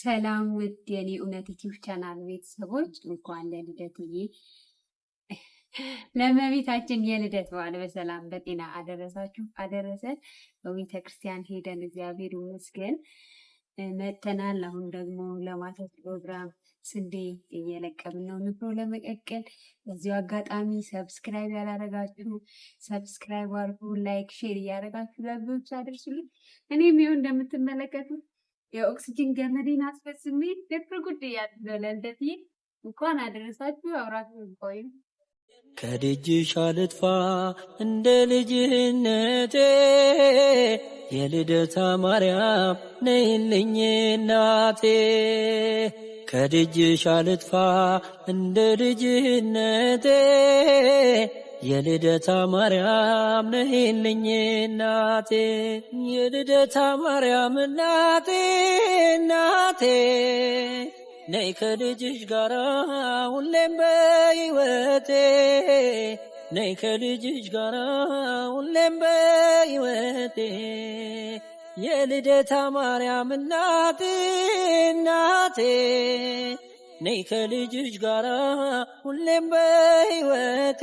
ሰላም ውድ የኔ እውነት ዩቲዩብ ቻናል ቤተሰቦች እንኳን ለልደትዬ ለመቤታችን የልደት በዓል በሰላም በጤና አደረሳችሁ አደረሰን። በቤተ ክርስቲያን ሄደን እግዚአብሔር ይመስገን መተናል። አሁን ደግሞ ለማታ ፕሮግራም ስንዴ እየለቀምን ነው ንፍሮ ለመቀቀል። በዚሁ አጋጣሚ ሰብስክራይብ ያላረጋችሁ ሰብስክራይብ አድርጉ፣ ላይክ ሼር እያረጋችሁ ለብዙዎች አደርሱልኝ። እኔም ይኸው እንደምትመለከቱት የኦክሲጂን ገመዴን አስፈስሜ ደፍር ጉድ እያለ ለልደቴ እንኳን አደረሳችሁ። አብራት ቆይ ከደጅሽ አልጥፋ እንደ ልጅነቴ የልደታ ማርያም ነይልኝ እናቴ። ከደጅሽ አልጥፋ እንደ ልጅነቴ የልደታ ማርያም ነህልኝ እናቴ የልደታ ማርያም እናቴ እናቴ ነይ ከልጅሽ ጋራ ሁሌም በይወቴ፣ ነይ ከልጅሽ ጋራ ሁሌም በይወቴ፣ የልደታ ማርያም እናቴ እናቴ ነይ ከልጅሽ ጋራ ሁሌም በሕይወቴ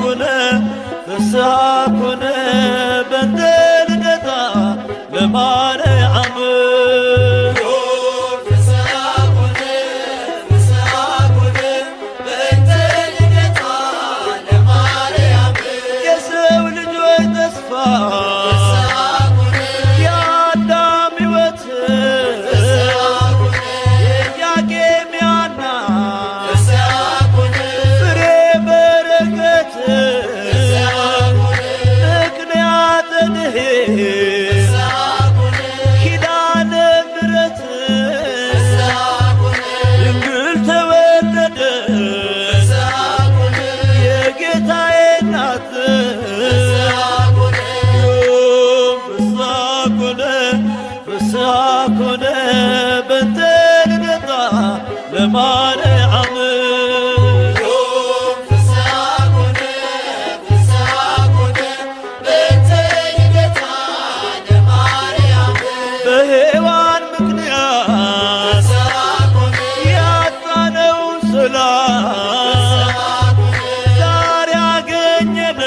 ኩነ ፍስሐ ኩነ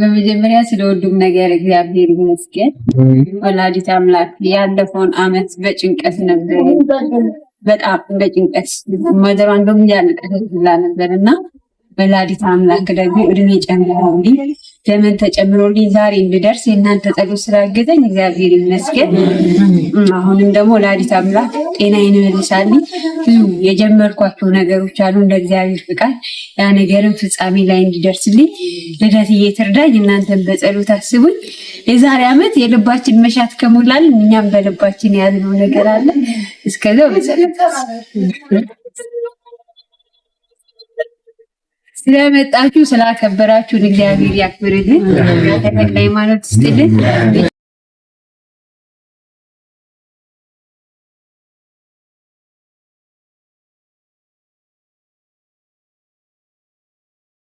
በመጀመሪያ ስለ ሁሉም ነገር እግዚአብሔር ይመስገን። ወላዲት አምላክ ያለፈውን አመት በጭንቀት ነበር፣ በጣም በጭንቀት መደሯ እንደውም እያለቀሰች ነበር እና ወላዲት አምላክ ደግሞ እድሜ ጨምረው እንዲህ ዘመን ተጨምሮልኝ ዛሬ እንድደርስ የእናንተ ጸሎት ስላገዘኝ እግዚአብሔር ይመስገን። አሁንም ደግሞ ለአዲስ አምላክ ጤና እመልሳልኝ። ብዙ የጀመርኳቸው ነገሮች አሉ። እንደ እግዚአብሔር ፍቃድ ያ ነገርም ፍጻሜ ላይ እንዲደርስልኝ ልደት ትርዳኝ። እናንተን በጸሎት አስቡኝ። የዛሬ ዓመት የልባችን መሻት ከሞላልን እኛም በልባችን ያዝነው ነገር አለ። እስከዚያው በጸሎት ስለመጣችሁ ስላከበራችሁን እግዚአብሔር ያክብርልን። ተክለ ሃይማኖት ስጥልን።